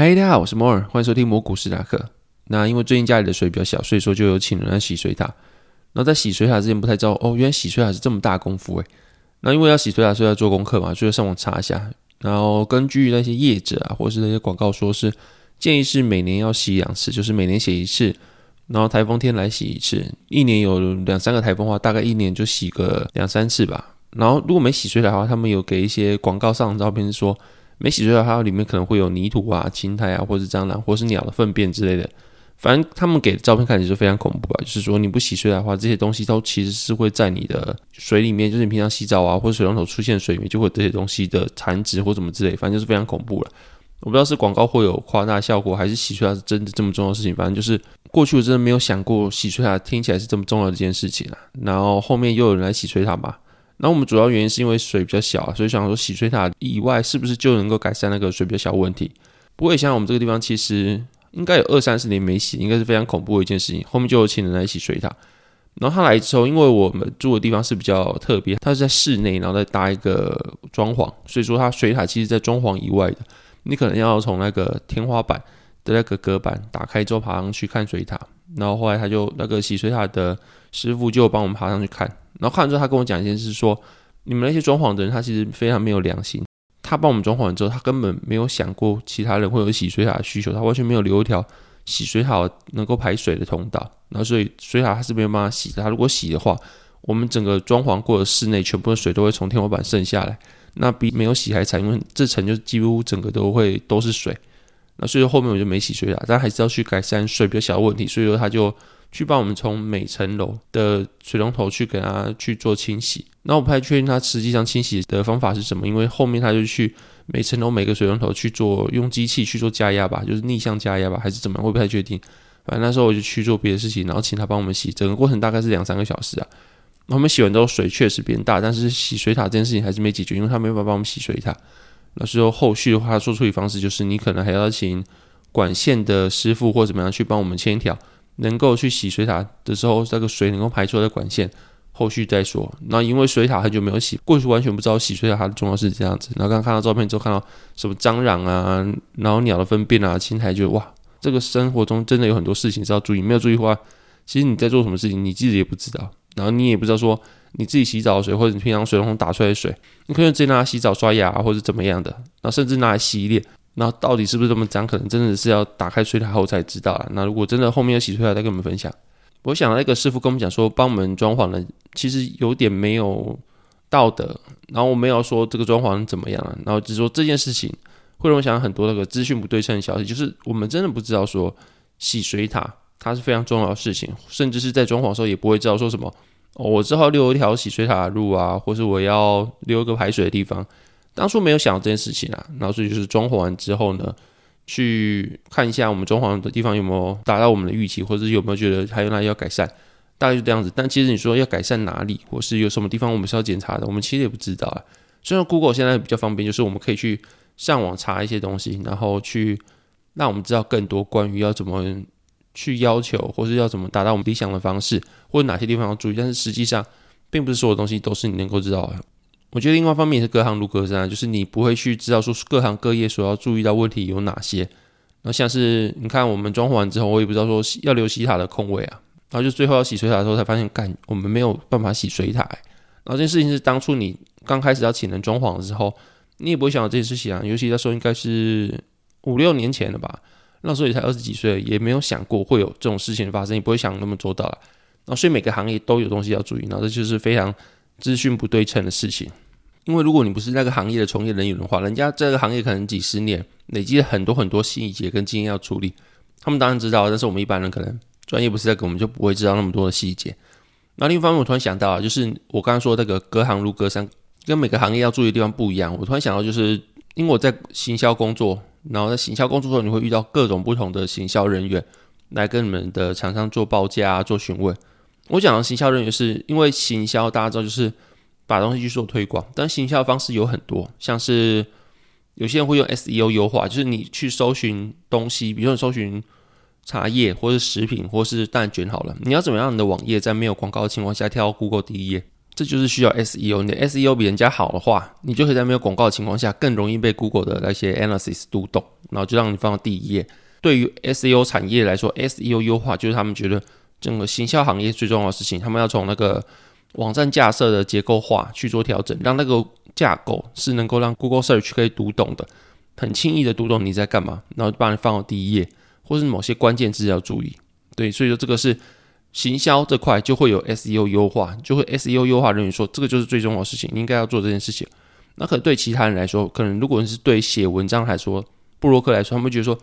嗨，大家好，我是摩爾，歡迎收聽摩股史塔克。那因為最近家裡的水比較小，所以說就有請人來洗水塔。那在洗水塔之前不太知道哦，原來洗水塔是這麼大功夫哎。那因為要洗水塔，所以要做功課嘛，所以要上網查一下。然後根據那些業者啊，或是那些廣告，說是建議是每年要洗兩次，就是每年洗一次，然後颱風天來洗一次。一年有兩三個颱風的話，大概一年就洗個兩三次吧。然後如果沒洗水塔的話，他們有給一些廣告上的照片說。沒洗水塔，它裡面可能會有泥土啊、青苔啊，或者蟑螂，或者是鳥的糞便之類的。反正他們給的照片看起來是非常恐怖吧？就是說你不洗水塔的話，這些東西都其實是會在你的水裡面，就是你平常洗澡啊，或者水龍頭出現水裡面，就會有這些東西的殘值或什麼之類，反正就是非常恐怖了。我不知道是廣告會有誇大效果，還是洗水塔是真的這麼重要的事情。反正就是過去我真的沒有想過洗水塔、啊、聽起來是這麼重要的一件事情啊。然後後面又有人來洗水塔嘛。那我們主要原因是因為水比較小啊，所以想說洗水塔以外是不是就能夠改善那個水比較小問題？不過想想我們這個地方其實應該有二三十年沒洗，應該是非常恐怖的一件事情。後面就有請人來洗水塔，然後他來之後，因為我們住的地方是比較特別，它是在室內，然後再搭一個裝潢，所以說它水塔其實在裝潢以外的，你可能要從那個天花板的那個隔板打開之後爬上去看水塔。然後後來他就那個洗水塔的師傅就幫我們爬上去看。然後看完之後，他跟我講一件事，說你們那些裝潢的人，他其實非常沒有良心。他幫我們裝潢之後，他根本沒有想過其他人會有洗水塔的需求，他完全沒有留一條洗水塔能夠排水的通道。然後所以水塔他是沒有辦法洗的，他如果洗的話，我們整個裝潢過的室內全部的水都會從天花板滲下來，那比沒有洗還慘，因為這層就幾乎整個都會都是水。那所以後面我就沒洗水塔，但還是要去改善水比較小的問題，所以說他就。去幫我們從每層樓的水龍頭去給他去做清洗，那我不太確定他實際上清洗的方法是什麼，因為後面他就去每層樓每個水龍頭去做，用機器去做加壓吧，就是逆向加壓吧，還是怎麼樣？我不太確定。反正那時候我就去做別的事情，然後請他幫我們洗。整個過程大概是兩三個小時啊。那我們洗完之後水確實變大，但是洗水塔這件事情還是沒解決，因為他沒有辦法幫我們洗水塔。那時候後續的話，做處理方式就是你可能還要請管線的師傅或怎麼樣去幫我們牽一條。能夠去洗水塔的時候，那個水能夠排出來的管線，後續再說。那因為水塔很久沒有洗，過去完全不知道洗水塔它的重要是怎樣，這樣子。那剛剛看到照片之後，看到什麼蟑螂啊，然後鳥的糞便啊，青苔，就哇，這個生活中真的有很多事情需要注意。沒有注意的話，其實你在做什麼事情，你自己也不知道。然後你也不知道說，你自己洗澡的水或者你平常水龍頭打出來的水，你可以直接拿來洗澡，刷牙啊，或者怎麼樣的，那甚至拿來洗臉。那到底是不是這麼髒？可能真的是要打開水塔後才知道了。那如果真的後面要洗水塔，再跟我們分享。我想那個師傅跟我們講說，幫我們裝潢呢，其實有點沒有道德。然後我沒有說這個裝潢怎麼樣啊？然後就說這件事情會讓我想很多那個資訊不對稱的消息，就是我們真的不知道說洗水塔它是非常重要的事情，甚至是在裝潢的時候也不會知道說什麼。哦，我只好留一條洗水塔的路啊，或是我要留一個排水的地方。當初沒有想到這件事情啦，啊，然後所以就是裝潢完之後呢，去看一下我們裝潢的地方有沒有達到我們的預期，或者是有沒有覺得還有哪裡要改善，大概就這樣子。但其實你說要改善哪裡，或是有什麼地方我們是要檢查的，我們其實也不知道啊。雖然 Google 現在比較方便，就是我們可以去上網查一些東西，然後去讓我們知道更多關於要怎麼去要求，或是要怎麼達到我們理想的方式，或者哪些地方要注意。但是實際上，並不是所有東西都是你能夠知道的。我覺得另外一方面也是隔行如隔山、啊，就是你不會去知道說各行各業所要注意到問題有哪些。然後像是你看我們裝潢完之後，我也不知道說要留洗塔的空位啊。然後就最後要洗水塔的時候才發現，幹，我們沒有辦法洗水塔、欸。然後這件事情是當初你剛開始要請人裝潢的時候，你也不會想到這件事情啊。尤其那時候應該是五六年前了吧，那時候也才二十幾歲，也沒有想過會有這種事情的發生，也不會想那麼周到了。然後所以每個行業都有東西要注意，那這就是非常。資訊不對稱的事情，因為如果你不是那個行業的從業人員的話，人家這個行業可能幾十年累積了很多很多細節跟經驗要處理，他們當然知道，但是我們一般人可能專業不是在，我們就不會知道那麼多的細節。那另一方面，我突然想到，啊，就是我剛剛說的那個“隔行如隔山”，跟每個行業要注意的地方不一樣。我突然想到，就是因為我在行銷工作，然後在行銷工作的時候，你會遇到各種不同的行銷人員來跟你們的廠商做報價啊，做詢問。我講的行銷人員，是因為行銷大家知道就是把東西去做推廣，但行銷方式有很多，像是有些人會用 SEO 優化，就是你去搜尋東西，比如說你搜尋茶葉或是食品或是蛋卷好了，你要怎麼樣你的網頁在沒有廣告的情況下跳到 Google 第一頁，這就是需要 SEO，你的 SEO 比人家好的話，你就可以在沒有廣告的情況下更容易被 Google 的那些 analysis 讀懂，然後就讓你放到第一頁。對於 SEO 產業來說，SEO 優化就是他們覺得。整個行銷行業最重要的事情，他們要從那個網站架設的結構化去做調整，讓那個架構是能夠讓 Google Search 可以讀懂的，很輕易的讀懂你在幹嘛，然後就把你放到第一頁，或是某些關鍵字要注意。對，所以說這個是行銷這塊就會有 SEO 優化，就會 SEO 優化的人員說這個就是最重要的事情，你應該要做這件事情。那可能對其他人來說，可能如果你是對寫文章來說，布洛克來說，他們覺得說。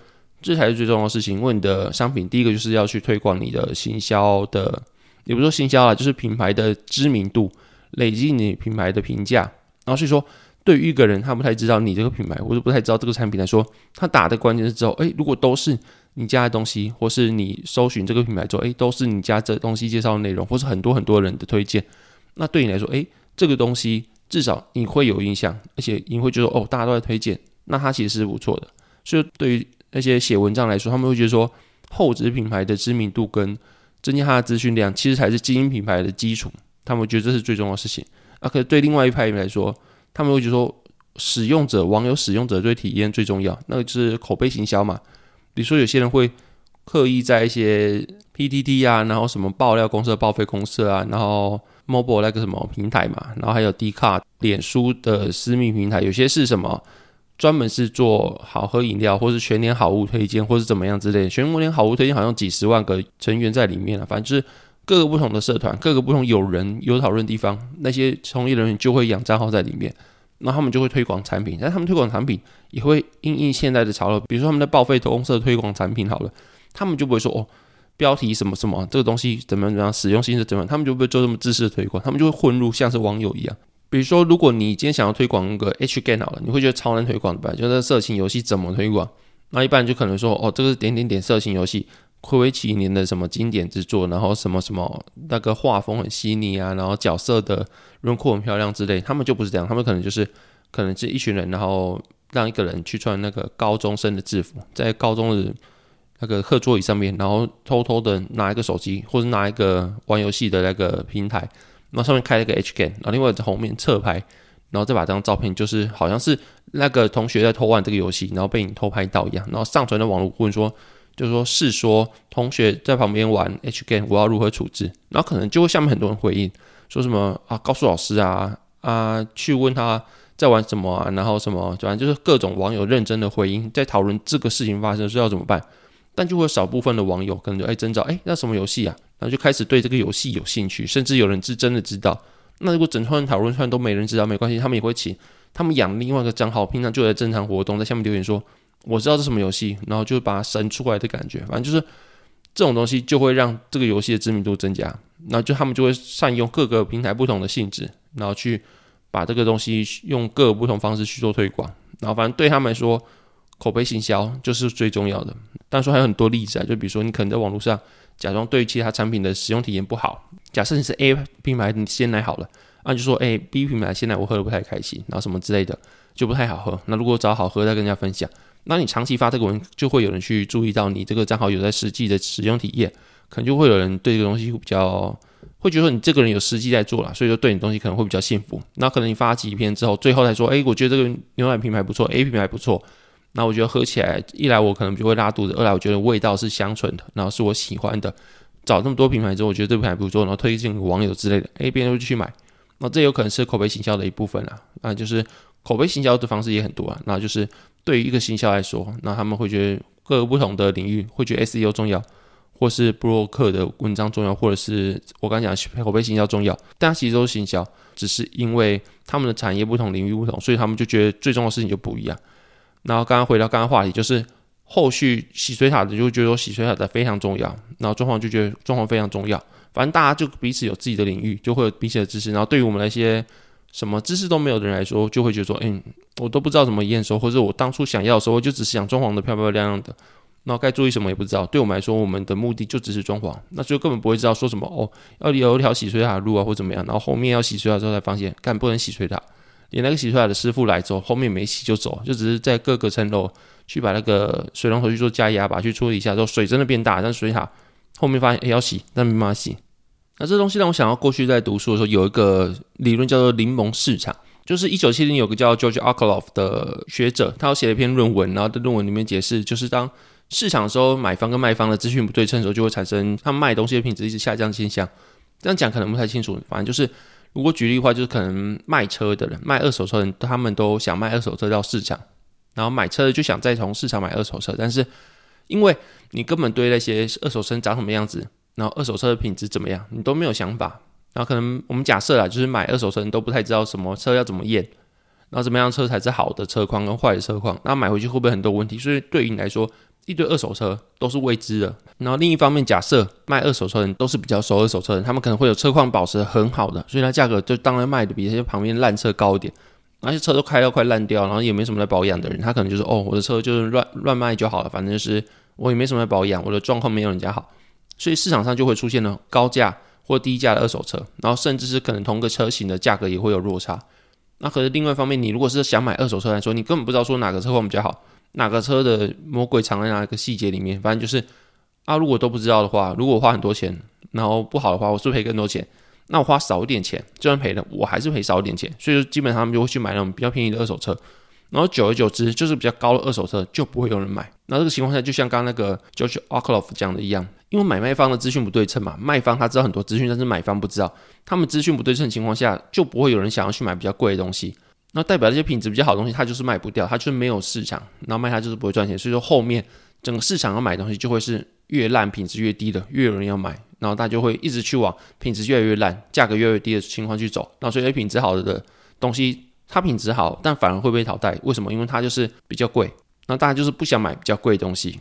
這才是最重要的事情。問你的商品，第一個就是要去推廣你的行銷的，也不是說行銷啊，就是品牌的知名度，累積你品牌的評價。然後所以說，對於一個人他不太知道你這個品牌，或者不太知道這個產品來說，他打的關鍵是之後，誒，如果都是你家的東西，或是你搜尋這個品牌之後，誒，都是你家這東西介紹的內容，或是很多很多人的推薦，那對你來說，誒，這個東西至少你會有印象，而且你會覺得哦，大家都在推薦，那它其實是不錯的。所以對於那些寫文章來說，他們會覺得說，厚植品牌的知名度跟增加它的資訊量，其實才是精英品牌的基礎。他們覺得這是最重要的事情。啊，可是對另外一派人來說，他們會覺得說，使用者、網友、使用者對體驗最重要，那個就是口碑行銷嘛。比如說有些人會刻意在一些 PTT 啊，然後什麼爆料公社、報廢公社啊，然後 Mobile 那個什麼平台嘛，然後還有 Dcard 臉書的私密平台，有些是什麼？專門是做好喝飲料，或是全年好物推薦，或是怎麼樣之類的。全年好物推薦好像幾十萬個成員在裡面了，啊，反正就是各個不同的社團，各個不同有人有討論的地方，那些從業人員就會養賬號在裡面，然後他們就會推廣產品。但他們推廣產品也會因應現在的潮流，比如說他們在爆廢公社推廣產品好了，他們就不會說哦，標題什麼什麼、啊，這個東西怎麼怎麼樣，使用性是怎麼樣，他們就不會做這麼自私的推廣，他們就會混入像是網友一樣。比如說，如果你今天想要推廣個 H game 了，你會覺得超難推廣的吧？就是色情遊戲怎麼推廣？那一般人就可能說，哦，這個是點點點色情遊戲，愧為其年的什麼經典之作，然後什麼什麼那個畫風很細膩啊，然後角色的輪廓很漂亮之類。他們就不是這樣，他們可能就是可能是一群人，然後讓一個人去穿那個高中生的制服，在高中的那個課桌椅上面，然後偷偷的拿一個手機或者拿一個玩遊戲的那個平台。那上面開了一個 H game 然後另外在後面側拍，然後再把這張照片，就是好像是那個同學在偷玩這個遊戲，然後被你偷拍到一樣，然後上傳的網絡。問說，就是說是說同學在旁邊玩 H game 我要如何處置？然後可能就會下面很多人回應，說什麼啊，告訴老師啊啊，去問他在玩什麼啊，然後什麼反正就是各種網友認真的回應，在討論這個事情發生是要怎麼辦。但就會有少部分的網友可能就哎徵兆哎那什麼遊戲啊？就開始對這個遊戲有興趣，甚至有人是真的知道。那如果整串討論串都沒人知道，沒關係，他們也會請他們養另外一個賬號，平常就在正常活動，在下面留言說我知道這什麼遊戲，然後就把它生出來的感覺。反正就是這種東西就會讓這個遊戲的知名度增加。然後就他們就會善用各個平台不同的性質，然後去把這個東西用各個不同方式去做推廣。然後反正對他們來說，口碑行銷就是最重要的。但是說還有很多例子啊，就比如說你可能在網絡上。假裝對其他產品的使用體驗不好。假設你是 A 品牌鮮奶好了，那就說哎，B 品牌鮮奶我喝的不太開心，然後什麼之類的就不太好喝。那如果找好喝再跟人家分享，那你長期發這個文，就會有人去注意到你這個賬號有在實際的使用體驗，可能就會有人對這個東西會比較，會覺得你這個人有實際在做了，所以說對你東西可能會比較信服。那可能你發幾篇之後，最後再說，哎，我覺得這個牛奶品牌不錯，A 品牌不錯。那我覺得喝起來，一來我可能就會拉肚子，二來我覺得味道是香醇的，然後是我喜歡的。找這麼多品牌之後，我覺得這品牌不錯，然後推薦給網友之類的，誒，別人就去買。那這有可能是口碑行銷的一部分啦。啊，那就是口碑行銷的方式也很多啊。那就是對於一個行銷來說，那他們會覺得各個不同的領域會覺得 SEO 重要，或是部落格的文章重要，或者是我剛講的口碑行銷重要，但其實都是行銷，只是因為他們的產業不同，領域不同，所以他們就覺得最重要的事情就不一樣。然後剛剛回到剛剛話題，就是後續洗水塔的，就覺得說洗水塔的非常重要。然後裝潢就覺得裝潢非常重要。反正大家就彼此有自己的領域，就會有彼此的知識。然後對於我們那些什麼知識都沒有的人來說，就會覺得說，嗯，我都不知道怎麼驗收，或者我當初想要的時候就只是想裝潢的漂漂亮亮亮的，然後該注意什麼也不知道。對我們來說，我們的目的就只是裝潢，那就根本不會知道說什麼哦，要留一條洗水塔的路啊，或怎麼樣。然後後面要洗水塔之後才發現，幹不能洗水塔。連那個洗出來的師傅來之後，後面沒洗就走，就只是在各個層樓去把那個水龍頭去做加壓把它去處理一下之後，水真的變大。但水塔後面發現，哎、欸，要洗，但沒辦法洗。那這東西讓我想到過去在讀書的時候，有一個理論叫做檸檬市場，就是一九七零有個叫 George Akerlof 的學者，他寫了一篇論文，然後在論文裡面解釋，就是當市場的時候，買方跟賣方的資訊不對稱的時候，就會產生他們賣東西的品質一直下降的現象。這樣講可能不太清楚，反正就是。如果舉例的話，就是可能賣車的人、賣二手車的人，他們都想賣二手車到市場，然後買車的就想再從市場買二手車，但是因為你根本對那些二手車長什麼樣子，然後二手車的品質怎麼樣，你都沒有想法，然後可能我們假設啊，就是買二手車人都不太知道什麼車要怎麼驗。那怎麼樣車才是好的車況跟壞的車況？那買回去會不會很多問題？所以對於你來說，一堆二手車都是未知的。然後另一方面，假設賣二手車的人都是比較熟二手車的人，他們可能會有車況保持很好的，所以它價格就當然賣的比那些旁邊爛車高一點。那些車都開到快爛掉，然後也沒什麼來保養的人，他可能就是哦，我的車就是亂亂賣就好了，反正就是我也沒什麼來保養，我的狀況沒有人家好，所以市場上就會出現了高價或低價的二手車，然後甚至是可能同個車型的價格也會有落差。那可是另外一方面，你如果是想買二手車來說，你根本不知道說哪個車況比較好，哪個車的魔鬼藏在哪個細節裡面。反正就是，啊，如果都不知道的話，如果我花很多錢，然後不好的話，我是賠更多錢；那我花少一點錢，就算賠了，我還是賠少一點錢。所以說，基本上他們就會去買那種比較便宜的二手車。然後久而久之，就是比較高的二手車就不會有人買。那這個情況下，就像剛剛那個 George Akerlof 講的一樣，因為買賣方的資訊不對稱嘛，賣方他知道很多資訊，但是買方不知道。他們資訊不對稱的情況下，就不會有人想要去買比較貴的東西。那代表這些品質比較好的東西，它就是賣不掉，它就是沒有市場。然後賣它就是不會賺錢。所以說後面整個市場要買的東西，就會是越爛品質越低的越有人要買。然後大家就會一直去往品質越來越爛、價格越來越低的情況去走。那所以品質好的的東西。它品質好，但反而會被淘汰，為什麼？因為它就是比較貴，那大家就是不想買比較貴的東西。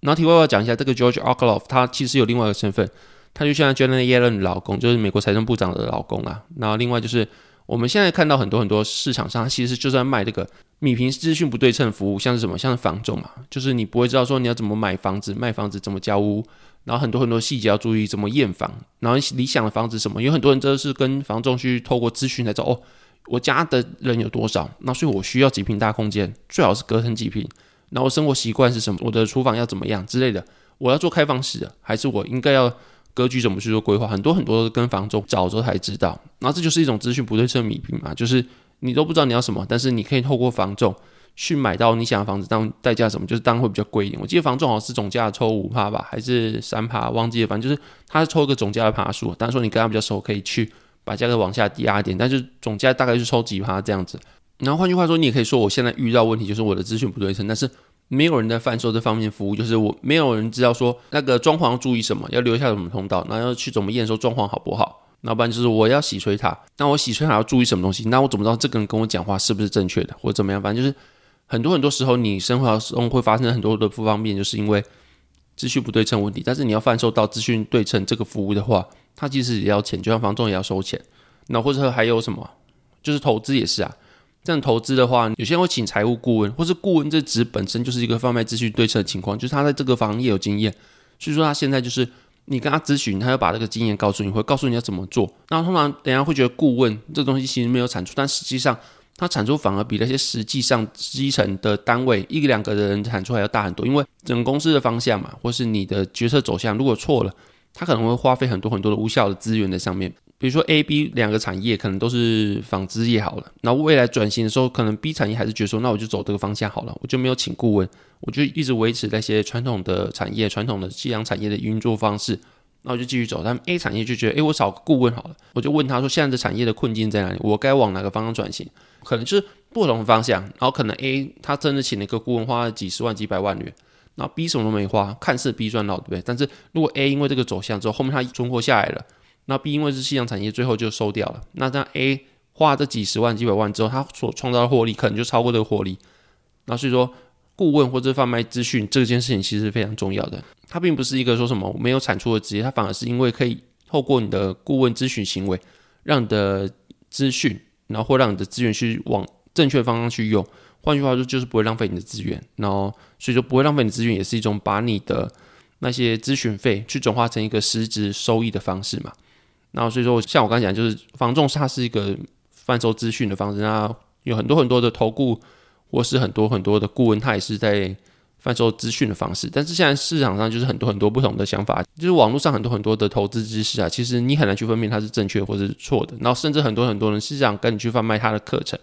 然後題外話講一下，這個 George Akerlof 他其實有另外一個身份，他就現在 Janet Yellen 老公，就是美國財政部長的老公啊。然後另外就是我們現在看到很多很多市場上，其實就算在賣這個弭平資訊不對稱服務，像是什麼，像是房仲嘛，就是你不會知道說你要怎麼買房子、賣房子、怎麼交屋，然後很多很多細節要注意，怎麼驗房，然後你理想的房子什麼，有很多人真的是跟房仲去，去透過資訊來找哦。我家的人有多少？那所以我需要幾平大空間，最好是隔成幾平。然後我生活習慣是什麼？我的廚房要怎麼樣之類的？我要做開放式，還是我應該要格局怎麼去做規劃？很多很多都跟房仲找之後才知道。那這就是一種資訊不對稱迷病嘛，就是你都不知道你要什麼，但是你可以透過房仲去買到你想的房子，當代價什麼？就是當然會比較貴一點。我記得房仲好像是總價抽五趴吧，還是三趴，忘記了。反正就是他是抽一個總價的趴數，但是說你跟他比較熟，可以去。把價格往下壓一點，但是總價大概是超級趴這樣子。然後換句話說，你也可以說，我現在遇到問題就是我的資訊不對稱，但是沒有人在販售這方面服務，就是我沒有人知道說那個裝潢要注意什麼，要留下什麼通道，那要去怎麼驗收裝潢好不好？那不然就是我要洗水塔，那我洗水塔要注意什麼東西？那我怎麼知道這個人跟我講話是不是正確的，或者怎麼樣？反正就是很多很多時候你生活當中會發生很多的不方便，就是因為資訊不對稱問題。但是你要販售到資訊對稱這個服務的話。他其實也要錢，就像房仲也要收錢，那或者還有什麼，就是投資也是啊。這樣投資的話，有些人會請財務顧問，或是顧問這職本身就是一個販賣資訊對策的情況，就是他在這個行業有經驗，所以說他現在就是你跟他諮詢，他要把這個經驗告訴你，會告訴你要怎麼做。那通常等下會覺得顧問這東西其實沒有產出，但實際上他產出反而比那些實際上基層的單位一個兩個的人產出還要大很多，因為整個公司的方向嘛，或是你的決策走向如果錯了。他可能會花費很多很多的無效的資源在上面，比如說 A、B 兩個產業可能都是紡織業好了，那未來轉型的時候，可能 B 產業還是覺得說，那我就走這個方向好了，我就沒有請顧問，我就一直維持那些傳統的產業、傳統的夕陽產業的運作方式，那我就繼續走。但 A 產業就覺得，誒，我找個顧問好了，我就問他說，現在的產業的困境在哪裡？我該往哪個方向轉型？可能就是不同的方向，然後可能 A 他真的請了一個顧問，花了幾十萬、幾百萬元。那 B 什麼都沒花，看似 B 賺到，對不對？但是如果 A 因為這個走向之後，後面它存活下來了，那 B 因為是夕陽產業，最後就收掉了。那這樣 A 花這幾十萬、幾百萬之後，它所創造的獲利可能就超過這個獲利。那所以說，顧問或者販賣資訊這件事情其實是非常重要的，它並不是一個說什麼沒有產出的職業，它反而是因為可以透過你的顧問諮詢行為，讓你的資訊，然後會讓你的資源去往正確的方向去用。換句話說，就是不會浪費你的資源，然後所以說不會浪費你資源，也是一種把你的那些諮詢費去轉化成一個實質收益的方式嘛。然後所以說，像我剛才講，就是房仲它是一個販售資訊的方式，那有很多很多的投顧或是很多很多的顧問，他也是在販售資訊的方式。但是現在市場上就是很多很多不同的想法，就是網絡上很多很多的投資知識啊，其實你很難去分辨它是正確或是錯的。然後甚至很多很多人是想跟你去販賣他的課程。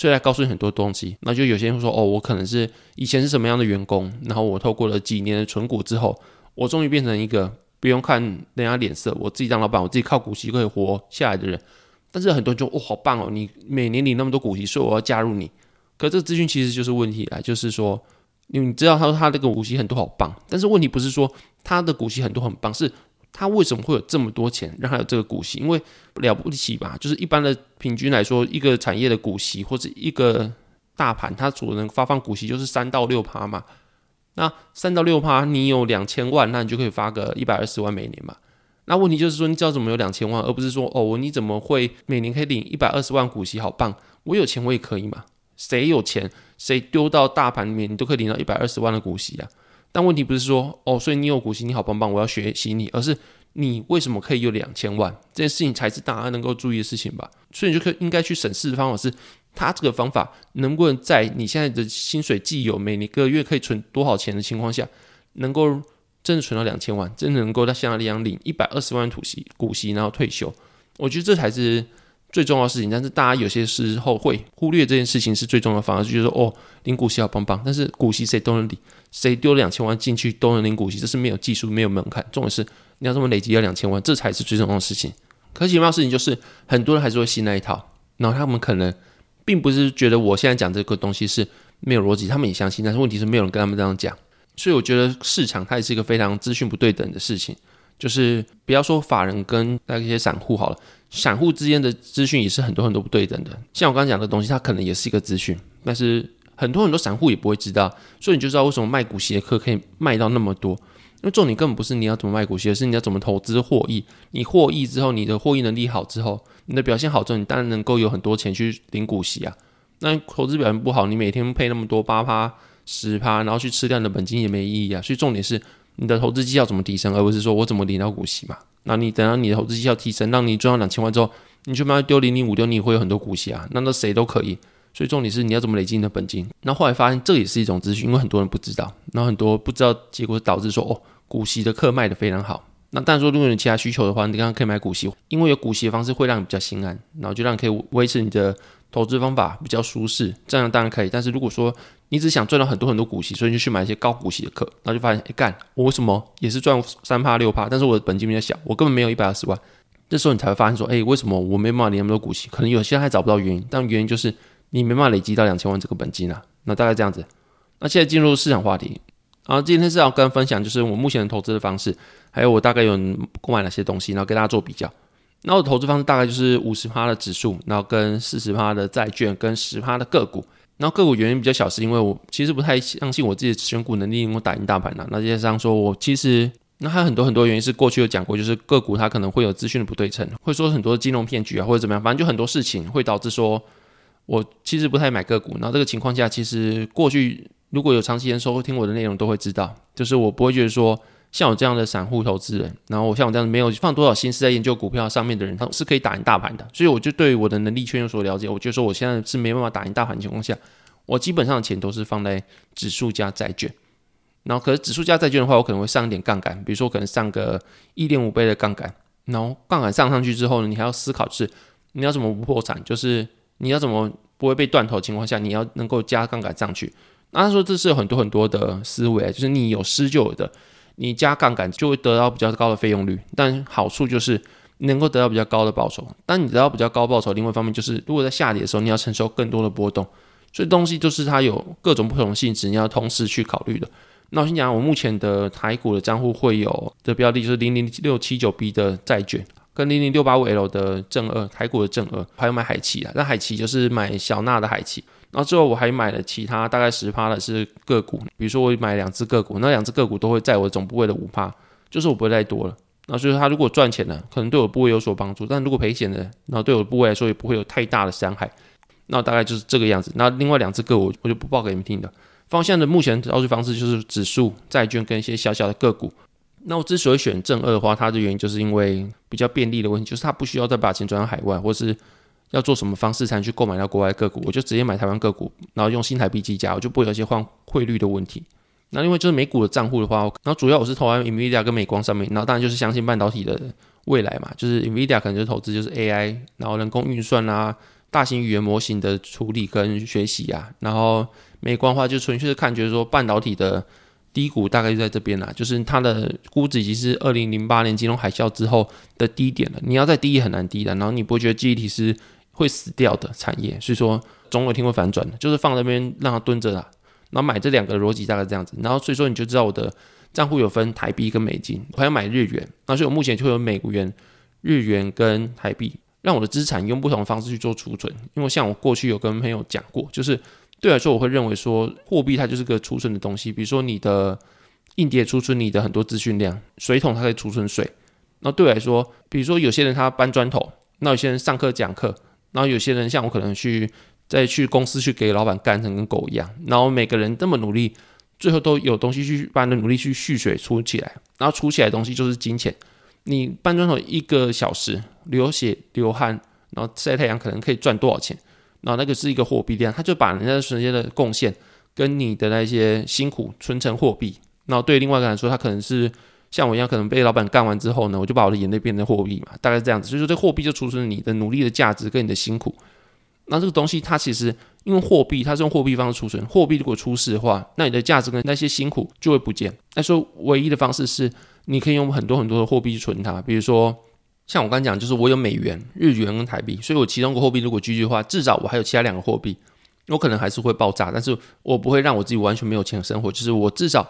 雖然告訴你很多東西，那就有些人說哦，我可能是以前是什麼樣的員工，然後我透過了幾年的存股之後，我終於變成一個不用看人家臉色，我自己當老闆，我自己靠股息可以活下來的人。但是很多人說哦，好棒哦，你每年領那麼多股息，所以我要加入你。可這個資訊其實就是問題來，就是說，因為你知道他說他這個股息很多好棒，但是問題不是說他的股息很多很棒，是。他為什麼會有這麼多錢，讓他有這個股息？因為，了不起吧，就是一般的平均來說，一個產業的股息或者一個大盤，它所能發放股息就是三到六趴嘛。那三到六趴，你有兩千萬，那你就可以發個一百二十萬每年嘛。那問題就是說，你知道怎麼有兩千萬，而不是說哦，你怎麼會每年可以領一百二十萬股息？好棒！我有錢我也可以嘛。誰有錢，誰丟到大盤裡面，你都可以領到一百二十萬的股息啊。但問題不是說哦，所以你有股息，你好棒棒，我要學習你，而是你為什麼可以有兩千萬這件事情才是大家能夠注意的事情吧？所以你就可以應該去審視的方法是，他這個方法能不能在你現在的薪水既有沒，每一個月可以存多少錢的情況下，能夠真的存到兩千萬，真的能夠在澳大利亞領一百二十萬土息股息，然後退休，我覺得這才是最重要的事情。但是大家有些時候會忽略這件事情是最重要的方法，反而就是說哦，領股息好棒棒，但是股息誰都能領。誰丟了兩千萬進去都能領股息，這是沒有技術、沒有門檻。重點是你要怎麼累積到兩千萬，這才是最重要的事情。可奇妙的事情就是，很多人還是會信那一套。然後他們可能並不是覺得我現在講這個東西是沒有邏輯，他們也相信。但是問題是，沒有人跟他們這樣講，所以我覺得市場它也是一個非常資訊不對等的事情。就是不要說法人跟那些散戶好了，散戶之間的資訊也是很多很多不對等的。像我剛剛講的東西，它可能也是一個資訊，但是。很多很多散戶也不會知道，所以你就知道為什麼賣股息的課可以賣到那麼多。因為重點根本不是你要怎麼賣股息，而是你要怎麼投資獲益。你獲益之後，你的獲益能力好之後，你的表現好之後，你當然能夠有很多錢去領股息啊。那投資表現不好，你每天配那麼多八趴十趴，然後去吃掉你的本金也沒意義啊。所以重點是你的投資績效怎麼提升，而不是說我怎麼領到股息嘛。那你等到你的投資績效提升，讓你賺到兩千萬之後，你就不要丟零零五丟，你會有很多股息啊。那那誰都可以。所以重點是你要怎麼累積你的本金。那後，後來發現這也是一種資訊，因為很多人不知道。然後很多不知道，結果導致說哦，股息的課賣得非常好。那但是說，如果你其他需求的話，你剛剛可以買股息，因為有股息的方式會讓你比較心安，然後就讓你可以維持你的投資方法比較舒適，這樣當然可以。但是如果說你只想賺到很多很多股息，所以你就去買一些高股息的課，然後就發現誒，幹我為什麼也是賺三趴六趴，但是我的本金比較小，我根本沒有一百二十萬。這時候你才會發現說，誒，為什麼我沒辦法領那麼多股息？可能有些人還找不到原因，但原因就是。你沒辦法累積到兩千萬這個本金啊，那大概這樣子。那現在進入市場話題啊，今天是要跟分享，就是我目前的投資的方式，還有我大概有購買哪些東西，然後跟大家做比較。然後我的投資方式大概就是五十趴的指數，然後跟四十趴的債券，跟十趴的個股。然後個股原因比較小，是因為我其實不太相信我自己的選股能力能夠打贏大盤的。那這些商說我其實，那還有很多很多原因是過去有講過，就是個股它可能會有資訊的不對稱，會說很多金融騙局啊或者怎麼樣，反正就很多事情會導致說。我其實不太買個股，然後這個情況下，其實過去如果有長時間收聽我的內容，都會知道，就是我不會覺得說像我這樣的散戶投資人，然後我像我這樣沒有放多少心思在研究股票上面的人，他是可以打贏大盤的。所以我就對我的能力圈有所了解，我就說我現在是沒辦法打贏大盤的情況下，我基本上錢都是放在指數加債券，然後可是指數加債券的話，我可能會上一點槓桿，比如說可能上個一點五倍的槓桿，然後槓桿上上去之後呢，你還要思考是你要怎麼不破產，就是。你要怎麼不會被斷頭的情況下，你要能夠加槓桿上去？那他說這是有很多很多的思維，就是你有失就有的，你加槓桿就會得到比較高的費用率，但好處就是能夠得到比較高的報酬。當你得到比較高報酬，另外一方面就是如果在下跌的時候你要承受更多的波動。所以東西就是它有各種不同性質，你要同時去考慮的。那我先講我目前的台股的賬戶會有的標的，就是零零六七九 B 的債券，跟 00685L 的正二，台股的正二，還有買海奇啦，那海奇就是買小納的海奇。然後之後我還買了其他大概十趴的是個股，比如說我買兩只個股，那兩只個股都會在我總部位的五趴，就是我不會再多了。那所以說它如果賺錢了，可能對我部位有所幫助；但如果賠錢了，那對我的部位來說也不會有太大的傷害。那大概就是這個樣子。那另外兩只個股我就不報給你們聽了。方向的目前投資方式就是指數、債券跟一些小小的個股。那我之所以選正二的話，它的原因就是因為比較便利的問題，就是它不需要再把錢轉到海外，或是要做什麼方式才能去購買到國外個股，我就直接買台灣個股，然後用新台幣計價，我就不會有一些換匯率的問題。那因為就是美股的賬戶的話，然後主要我是投在 Nvidia 跟美光上面，然後當然就是相信半導體的未來嘛，就是 Nvidia 可能就是投資就是 AI，然後人工運算啊，大型語言模型的處理跟學習啊，然後美光的話就純粹是看，就是說半導體的。低谷大概就在這邊啦、啊，就是它的估值已經是二零零八年金融海嘯之後的低點了。你要再低也很難低了，然後你不會覺得記憶體是會死掉的產業，所以說總有一天會反轉的。就是放在那邊讓它蹲着啦，然後買這兩個的邏輯大概這樣子，然後所以說你就知道我的賬戶有分台幣跟美金，我還要買日元，那所以我目前就有美元、日元跟台幣，讓我的資產用不同的方式去做儲存。因為像我過去有跟朋友講過，就是。對來說，我會認為說，貨幣它就是個儲存的東西。比如說你的硬碟儲存你的很多資訊量，水桶它可以儲存水。那對來說，比如說有些人他搬磚頭，那有些人上課講課，然後有些人像我可能去再去公司去給老闆幹成跟狗一樣，然後每個人那麼努力，最後都有東西去把你的努力去蓄水儲起來，然後儲起來的東西就是金錢。你搬磚頭一個小時流血流汗，然後曬太陽，可能可以賺多少錢？那那個是一個貨幣量，他就把人家存在的貢獻跟你的那些辛苦存成貨幣。那對另外一個來說，他可能是像我一樣，可能被老闆幹完之後呢，我就把我的眼淚變成貨幣嘛，大概是這樣子。所以說，這貨幣就儲存你的努力的價值跟你的辛苦。那這個東西它其實因為貨幣，它是用貨幣方式儲存。貨幣如果出事的話，那你的價值跟那些辛苦就會不見。那說唯一的方式是，你可以用很多很多的貨幣去存它，比如說。像我剛剛講，就是我有美元、日元跟台幣，所以我其中一個貨幣如果繼續的話，至少我還有其他兩個貨幣，我可能還是會爆炸，但是我不會讓我自己完全沒有錢生活。就是我至少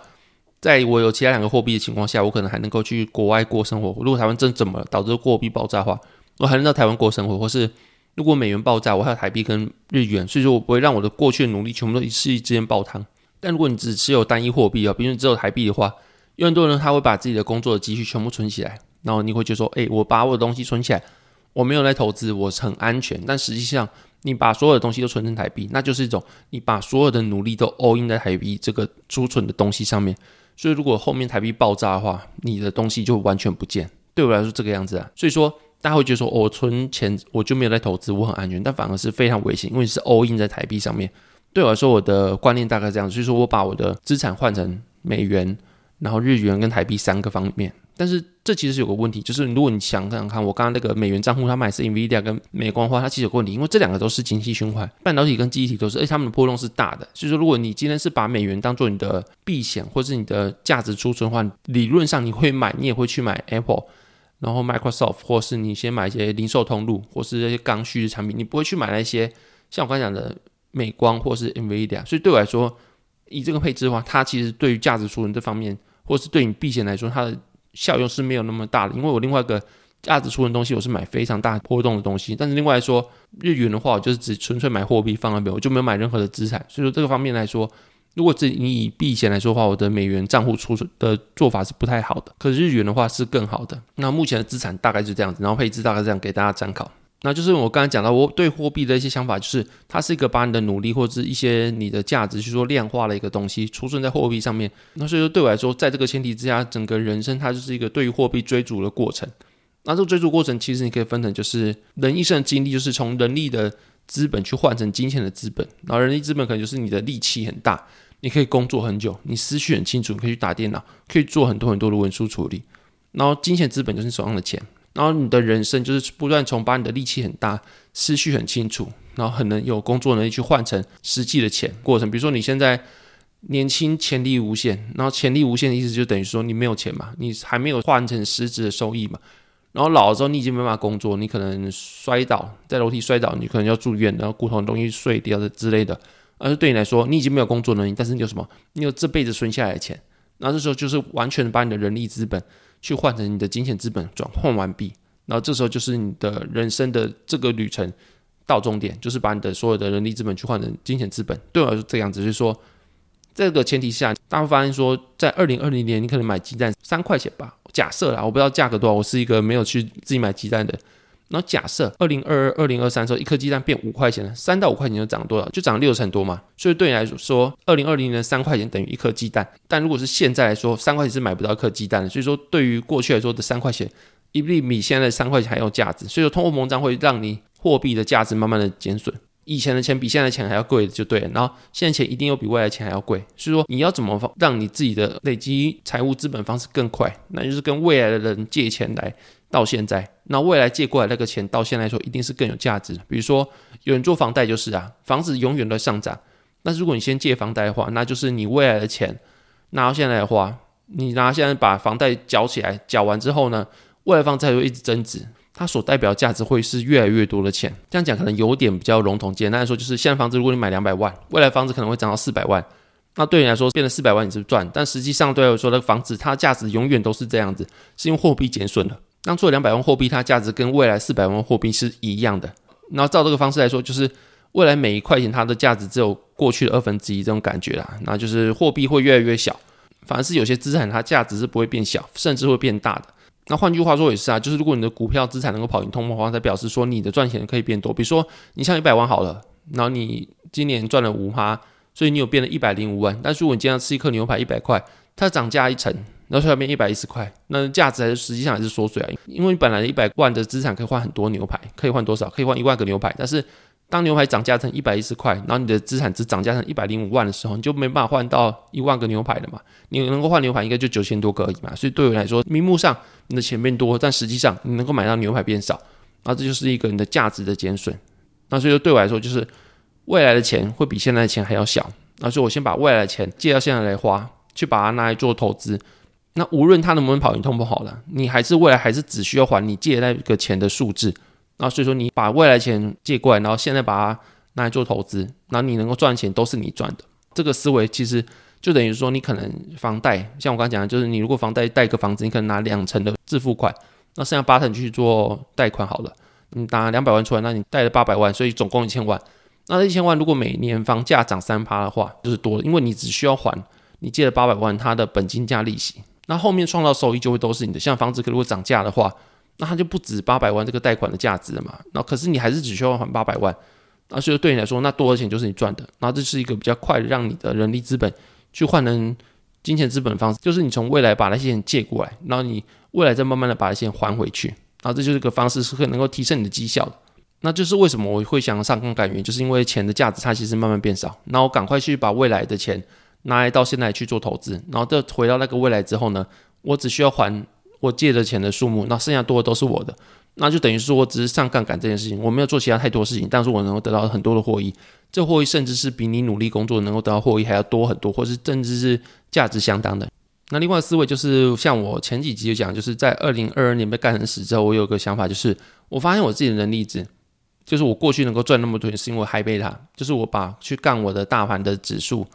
在我有其他兩個貨幣的情況下，我可能還能夠去國外過生活。如果台灣真怎麼了，導致貨幣爆炸的話，我還能到台灣過生活，或是如果美元爆炸，我還有台幣跟日元，所以說我不會讓我的過去的努力全部都一時之間爆湯。但如果你只持有單一貨幣啊，比如說只有台幣的話，有很多人他會把自己的工作的積蓄全部存起來。然後你會覺得說：“哎、欸，我把我的東西存起來，我沒有在投資，我很安全。”但實際上，你把所有的東西都存成台幣，那就是一種你把所有的努力都 all in 在台幣這個儲存的東西上面。所以，如果後面台幣爆炸的話，你的東西就完全不見。對我來說，這個樣子啊。所以說，大家會覺得說、哦：“我存錢，我就沒有在投資，我很安全。”但反而是非常危險，因為是 all in 在台幣上面。對我來說，我的觀念大概是這樣，所以說我把我的資產換成美元、然後日元跟台幣三個方面。但是這其實是有個問題，就是如果你想想看，我剛剛那個美元賬戶，他買的是 Nvidia 跟美光的話，它其實有個問題，因為這兩個都是景氣循環，半導體跟記憶體都是。而且它們的波動是大的。所以說，如果你今天是把美元當做你的避險，或是你的價值儲存的話，理論上你會買，你也會去買 Apple，然後 Microsoft，或是你先買一些零售通路，或是一些剛需的產品，你不會去買那些像我剛才講的美光或是 Nvidia。所以對我來說，以這個配置的話，它其實對於價值儲存這方面，或是對你避險來說，它的效用是沒有那麼大的，因為我另外一個價值儲存的東西，我是買非常大波動的東西。但是另外來說，日元的話，我就是只純粹買貨幣放那邊，我就沒有買任何的資產。所以說這個方面來說，如果是你以避險來說的話，我的美元賬戶出的做法是不太好的，可是日元的話是更好的。那目前的資產大概就這樣子，然後配置大概是這樣給大家參考。那就是我剛才講到我對貨幣的一些想法，就是它是一個把你的努力或者是一些你的價值去做量化的一個東西，儲存在貨幣上面。那所以說，對我來說，在這個前提之下，整個人生它就是一個對於貨幣追逐的過程。那這個追逐過程其實你可以分成，就是人一生的經歷就是從人力的資本去換成金錢的資本。然後人力資本可能就是你的力氣很大，你可以工作很久，你思緒很清楚，你可以去打電腦，可以做很多很多的文書處理。然後金錢資本就是你手上的錢。然後你的人生就是不斷從把你的力氣很大，思緒很清楚，然後很能有工作能力去換成實際的錢的過程。比如說你現在年輕，潛力無限。然後潛力無限的意思就等於說你沒有錢嘛，你還沒有換成實質的收益嘛。然後老了之後你已經沒辦法工作，你可能摔倒在樓梯摔倒，你可能要住院，然後骨頭容易碎掉的之類的。而是對你來說，你已經沒有工作能力，但是你有什麼？你有這輩子存下來的錢。那這時候就是完全把你的人力資本。去換成你的金錢資本，轉換完畢，然後這時候就是你的人生的這個旅程，到終點，就是把你的所有的人力資本去換成金錢資本。對我是這樣子，就是說這個前提下，大家會發現說在二零二零年，你可能買雞蛋三塊錢吧，假設啦，我不知道價格多少，我是一個沒有去自己買雞蛋的。然後假設二零二二、二零二三時候一顆雞蛋變五塊錢了，三到五塊錢就漲多少？就漲了六成多嘛。所以對你來說，二零二零年的三塊錢等於一顆雞蛋，但如果是現在來說，三塊錢是買不到一顆雞蛋的。所以說，對於過去來說的三塊錢，一定比現在的三塊錢還有價值。所以說，通貨膨脹，脹會讓你貨幣的價值慢慢的減損，以前的錢比現在的錢還要貴的就對了。然後現在錢一定又比未來的錢還要貴。所以說，你要怎麼讓你自己的累積財務資本方式更快？那就是跟未來的人借錢來。到現在，那未來借過來那個錢，到現在來說一定是更有價值。比如說有人做房貸就是啊，房子永遠都在上漲。那如果你先借房貸的話，那就是你未來的錢拿到現在花。你拿現在把房貸繳起來，繳完之後呢，未來房子還會一直增值，它所代表價值會是越來越多的錢。這樣講可能有點比較籠統，簡單來說就是現在房子如果你買兩百萬，未來房子可能會漲到四百萬，那對你來說變得四百萬你是賺，但實際上對我說的房子它價值永遠都是這樣子，是因為貨幣減損的。當初兩百萬貨幣，它價值跟未來四百萬貨幣是一樣的。然後照這個方式來說，就是未來每一塊錢它的價值只有過去的二分之一，這種感覺啦。那就是貨幣會越來越小。反而是有些資產，它價值是不會變小，甚至會變大的。那換句話說也是啊，就是如果你的股票資產能夠跑贏通貨膨脹，才表示說你的賺錢可以變多。比如說你像一百萬好了，然後你今年賺了五哈，所以你有變了一百零五萬。但是如果你今天要吃一顆牛排一百塊，它漲價一成。然後鈔票變一百一十塊，那價值還是實際上還是縮水啊，因為本來一百萬的資產可以換很多牛排，可以換多少？可以換一萬個牛排。但是當牛排漲價成一百一十塊，然後你的資產只漲價成一百零五萬的時候，你就沒辦法換到一萬個牛排了嘛？你能夠換牛排應該就九千多個而已嘛。所以對我來說，名目上你的錢變多，但實際上你能夠買到牛排變少，那這就是一個你的價值的減損。那所以說對我來說，就是未來的錢會比現在的錢還要小，那所以我先把未來的錢借到現在來花，去把它拿來做投資。那無論他能不能跑贏通不好了，你還是未來還是只需要還你借的那個錢的數字。那所以說你把未來錢借過來，然後現在把它拿來做投資，那你能夠賺錢都是你賺的。這個思維其實就等於說，你可能房貸，像我剛才講的就是，你如果房貸貸一個房子，你可能拿兩成的自付款，那剩下八成去做貸款好了。你拿兩百萬出來，那你貸了八百萬，所以總共一千萬。那這一千萬如果每年房價漲三趴的話，就是多了，因為你只需要還你借了八百萬，它的本金加利息。那後，後面創造收益就會都是你的，像房子，如果漲價的話，那它就不止八百萬這個貸款的價值了嘛。那可是你還是只需要還八百萬，啊，那所以對你來說，那多的錢就是你賺的。然後這是一個比較快的讓你的人力資本去換成金錢資本的方式，就是你從未來把那些錢借過來，然後你未來再慢慢的把那些錢還回去。那這就是一個方式，是可以能夠提升你的績效。那就是為什麼我會想要上槓桿原因，就是因為錢的價值它其實慢慢變少，那我趕快去把未來的錢，拿來到現在去做投資，然後再回到那個未來之後呢，我只需要還我借的錢的數目，那剩下多的都是我的，那就等於說我只是上槓桿這件事情，我沒有做其他太多事情，但是我能夠得到很多的獲益，這獲益甚至是比你努力工作能夠得到獲益還要多很多，或是甚至是價值相當的。那另外思維就是像我前幾集就講，就是在二零二二年被幹成死之後，我有個想法就是，我發現我自己的能力值，就是我過去能夠賺那麼多，是因為害 i g 就是我把去幹我的大盤的指數。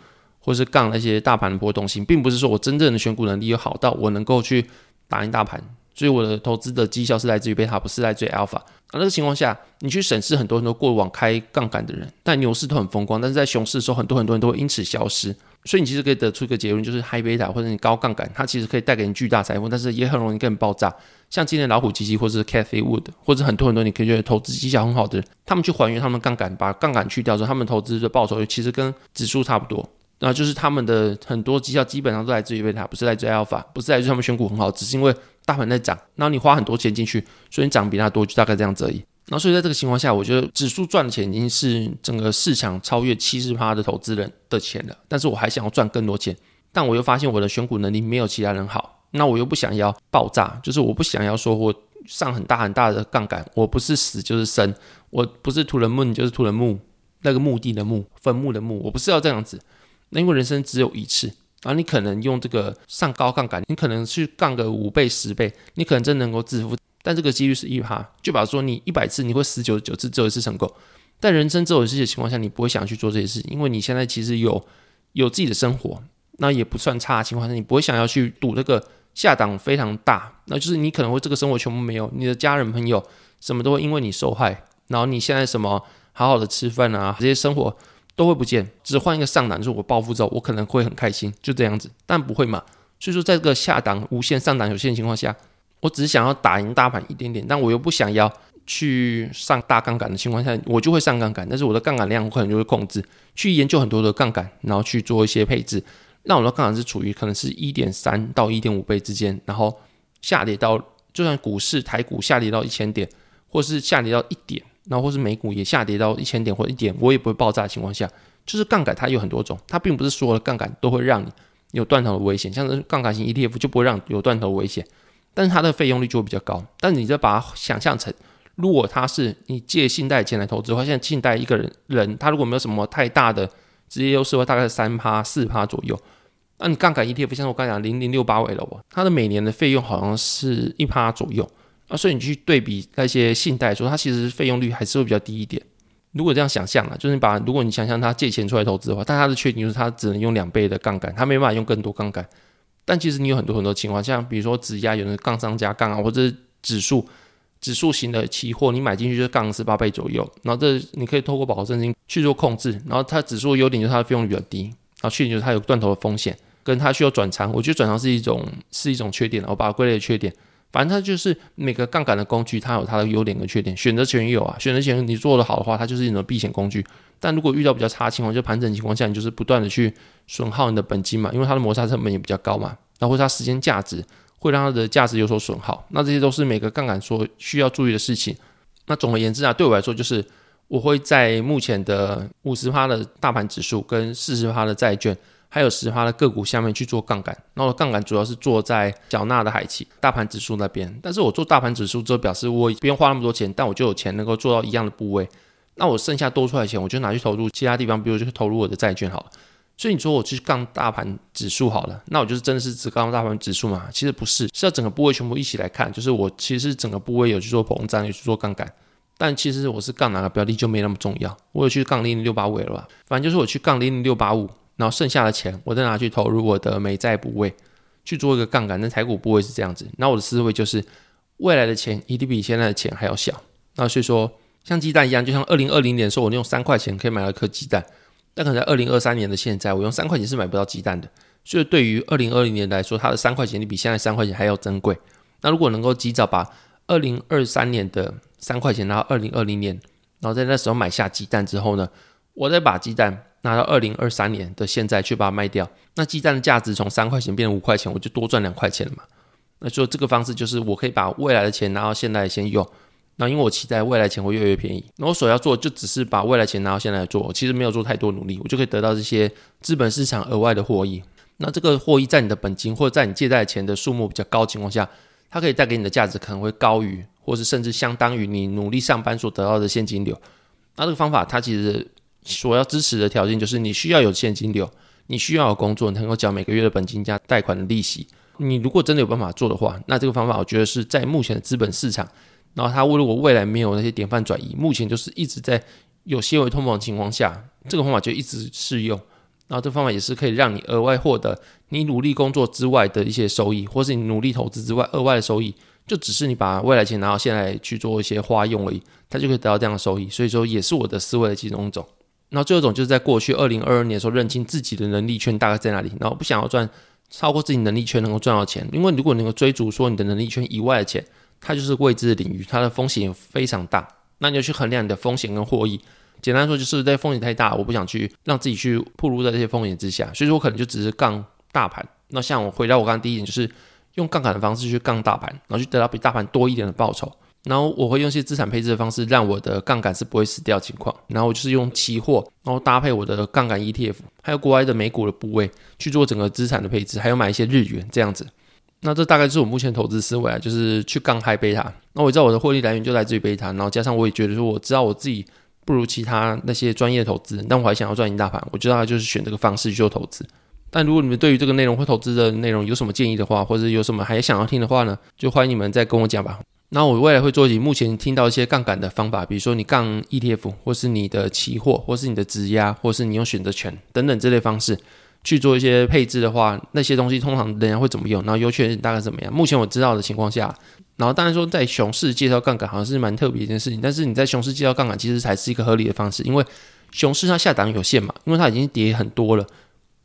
或是槓那些大盤的波動性，並不是說我真正的選股能力有好到我能夠去打贏大盤，所以我的投資的績效是來自於貝塔，不是來自於 Alpha。啊、那這個情況下，你去審視很多很多過往開槓桿的人，但牛市都很風光，但是在熊市的時候，很多很多人都會因此消失。所以你其實可以得出一個結論，就是 high 貝塔或者你高槓桿，它其實可以帶給你巨大財富，但是也很容易跟你爆炸。像今年老虎基金或者 Cathy Wood，或者很多很多你可以覺得投資績效很好的人，他們去還原他們槓桿，把槓桿去掉之後，他們投資的報酬，其實跟指數差不多。那就是他們的很多績效基本上都來自於貝塔，不是來自於阿爾法，不是來自他們選股很好，只是因為大盤在漲。然後你花很多錢進去，所以你漲比他多，就大概這樣子而已。然後所以在這個情況下，我覺得指數賺的錢已經是整個市場超越七十趴的投資人的錢了。但是我還想要賺更多錢，但我又發現我的選股能力沒有其他人好。那我又不想要爆炸，就是我不想要說我上很大很大的槓桿，我不是死就是生，我不是土人墓就是土人墓。那個墓地的墓，墳墓的墓，我不是要這樣子。那因為人生只有一次，然後你可能用這個上高槓桿，你可能去槓個五倍、十倍，你可能真的能夠致富。但這個幾率是一趴，就比如說你一百次，你會死九十九次，只有一次成功。但人生只有一次的情況下，你不會想去做這些事情，因為你現在其實有有自己的生活，那也不算差的情況下，你不會想要去賭這個下檔非常大。那就是你可能會這個生活全部沒有，你的家人朋友什麼都會因為你受害。然後你現在什麼好好的吃飯啊，這些生活，都會不見，只換一個上檔。如果暴富之後，我可能會很開心，就這樣子。但不會嘛？所以說，在這個下檔無限、上檔有限的情況下，我只是想要打贏大盤一點點，但我又不想要去上大槓桿的情況下，我就會上槓桿。但是我的槓桿量我可能就會控制，去研究很多的槓桿，然後去做一些配置，那我的槓桿是處於可能是一點三到一點五倍之間。然後下跌到，就算股市、台股下跌到一千點。或是下跌到一點，然後或是美股也下跌到一千點或一點，我也不會爆炸的情況下，就是槓桿它有很多種，它並不是所有的槓桿都會讓你有斷頭的危險，像是槓桿型 ETF 就不會讓你有斷頭的危險，但是它的費用率就會比較高。但你就把它想象成，如果它是你借信貸錢來投資的話，或現在信貸一個人人他如果沒有什麼太大的職業優勢，大概三趴四趴左右，那你槓桿 ETF，像我剛才講零零六八 L，它的每年的費用好像是一趴左右。啊，所以你去對比那些信貸說，它其實費用率還是會比較低一點。如果這樣想象啊，就是你把如果你想象他借錢出來投資的話，但它的缺點就是它只能用兩倍的槓桿，它沒辦法用更多槓桿。但其實你有很多很多情況，像比如說質押，有人槓上加槓啊，或者指數指數型的期貨，你買進去就是槓十八倍左右。然後這你可以透過保證金去做控制。然後它指數的優點就是它的費用率比較低，然後缺點就是它有斷頭的風險，跟它需要轉倉。我覺得轉倉是一種是一種缺點，我把它歸類的缺點。反正它就是每個槓桿的工具，它有它的優點跟缺點。選擇權也有啊，選擇權你做的好的話，它就是一種避險工具。但如果遇到比較差的情況，就盤整的情況下，你就是不斷的去損耗你的本金嘛，因為它的摩擦成本也比較高嘛，然後它時間價值會讓它的價值有所損耗。那這些都是每個槓桿所需要注意的事情。那總而言之啊，對我來說就是我會在目前的五十趴的大盤指數跟四十趴的債券，還有十趴的個股下面去做槓桿，那我槓桿主要是做在小納的海期大盤指數那邊。但是我做大盤指數，之後表示我不用花那麼多錢，但我就有錢能夠做到一樣的部位。那我剩下多出來的錢，我就拿去投入其他地方，比如就投入我的債券好了。所以你說我去槓大盤指數好了，那我就是真的是只槓大盤指數嘛？其實不是，是要整個部位全部一起來看。就是我其實整個部位有去做膨脹，有去做槓桿，但其實我是槓哪個標的就沒那麼重要。我有去槓零零六八五了吧？反正就是我去槓零零六八五。然後剩下的錢，我再拿去投入我的美債部位，去做一個槓桿。那台股部位是這樣子。那我的思維就是，未來的錢一定比現在的錢還要小。那所以說，像雞蛋一樣，就像二零二零年的時候，我用三塊錢可以買到一顆雞蛋，但可能在二零二三年的現在，我用三塊錢是買不到雞蛋的。所以對於二零二零年來說，它的三塊錢，你比現在三塊錢還要珍貴。那如果能夠及早把二零二三年的三塊錢，然後二零二零年，然後在那時候買下雞蛋之後呢，我再把雞蛋。拿到二零二三年的現在去把它賣掉，那雞蛋的價值從三塊錢變成五塊錢，我就多賺兩塊錢了嘛。那所以這個方式就是我可以把未來的錢拿到現在先用，那因為我期待未來錢會越來越便宜，那我所要做就只是把未來錢拿到現在來做，我其實沒有做太多努力，我就可以得到這些資本市場額外的獲益。那這個獲益在你的本金或者在你借貸的錢的數目比較高的情況下，它可以帶給你的價值可能會高於，或是甚至相當於你努力上班所得到的現金流。那這個方法它其實。所要支持的條件就是你需要有現金流，你需要有工作，你才能夠繳每個月的本金加貸款的利息。你如果真的有辦法做的話，那這個方法我覺得是在目前的資本市場。然後它如果未來沒有那些典範轉移，目前就是一直在有些微通膨的情況下，這個方法就一直適用。然後這個方法也是可以讓你額外獲得你努力工作之外的一些收益，或是你努力投資之外額外的收益，就只是你把未來錢拿到現在去做一些花用而已，它就可以得到這樣的收益。所以說也是我的思維的其中一種。然後最後一種就是在過去二零二二年的時候，認清自己的能力圈，大概在哪裡，然後不想要賺超過自己能力圈能夠賺到錢。因為如果你能夠追逐說你的能力圈以外的錢，它就是未知的領域，它的風險也非常大。那你要去衡量你的風險跟獲益，簡單說，就是在風險太大，我不想去讓自己去暴露在這些風險之下，所以說我可能就只是槓大盤。那像我回到我剛剛第一點，就是用槓桿的方式去槓大盤，然後去得到比大盤多一點的報酬。然後我會用一些資產配置的方式，讓我的槓桿是不會死掉的情況。然後我就是用期貨，然後搭配我的槓桿 ETF，還有國外的美股的部位去做整個資產的配置，還有買一些日元這樣子。那這大概就是我目前投資思維啊，就是去槓嗨貝塔。那我知道我的獲利來源就來自於貝塔，然後加上我也覺得說我知道我自己不如其他那些專業投資人，但我還想要賺一大盤，我就大概就是選這個方式去做投資。但如果你們對於這個內容或投資的內容有什麼建議的話，或者有什麼還想要聽的話呢，就歡迎你們再跟我講吧。那我未來會做一集目前聽到一些槓桿的方法，比如說你槓 ETF，或是你的期貨，或是你的質押，或是你用選擇權等等這類方式去做一些配置的話，那些東西通常人家會怎麼用？然後優缺點大概怎麼樣？目前我知道的情況下，然後當然說在熊市介紹槓桿好像是蠻特別一件事情，但是你在熊市介紹槓桿其實才是一個合理的方式，因為熊市它下檔有限嘛，因為它已經跌很多了，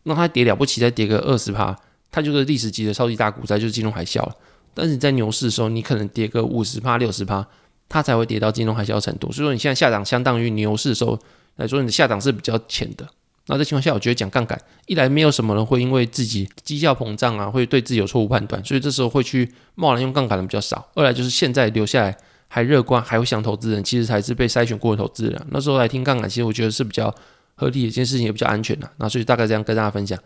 那它跌了不起再跌個二十趴，它就是歷史級的超級大股災，就是金融海嘯了。但是你在牛市的時候，你可能跌個五十趴、六十趴，它才會跌到金融海嘯程度。所以說你現在下檔相當於牛市的時候來說，你的下檔是比較淺的。那這情況下，我覺得講槓桿，一來沒有什麼人會因為自己績效膨脹啊，會對自己有錯誤判斷，所以這時候會去貿然用槓桿的比較少。二來就是現在留下來還樂觀，還會想投資人，其實才是被篩選過的投資人、啊。那時候來聽槓桿，其實我覺得是比較合理的一件事情，也比較安全的、啊。那所以大概這樣跟大家分享。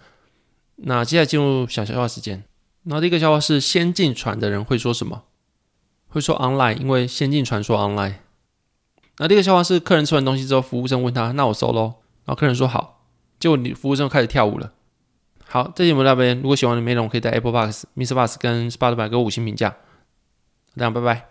那接下來進入小笑話時間。那第一個笑話是先進船的人會說什麼？會說 online，因為先進船說 online。那第一個笑話是客人吃完東西之後，服務生問他：“那我收嘍？”然後客人說：“好。”結果女服務生開始跳舞了。好，這節目到這邊，如果喜歡的內容，我可以在 Apple Box、MixerBox 跟 Spotify 給我五星評價。大家拜拜。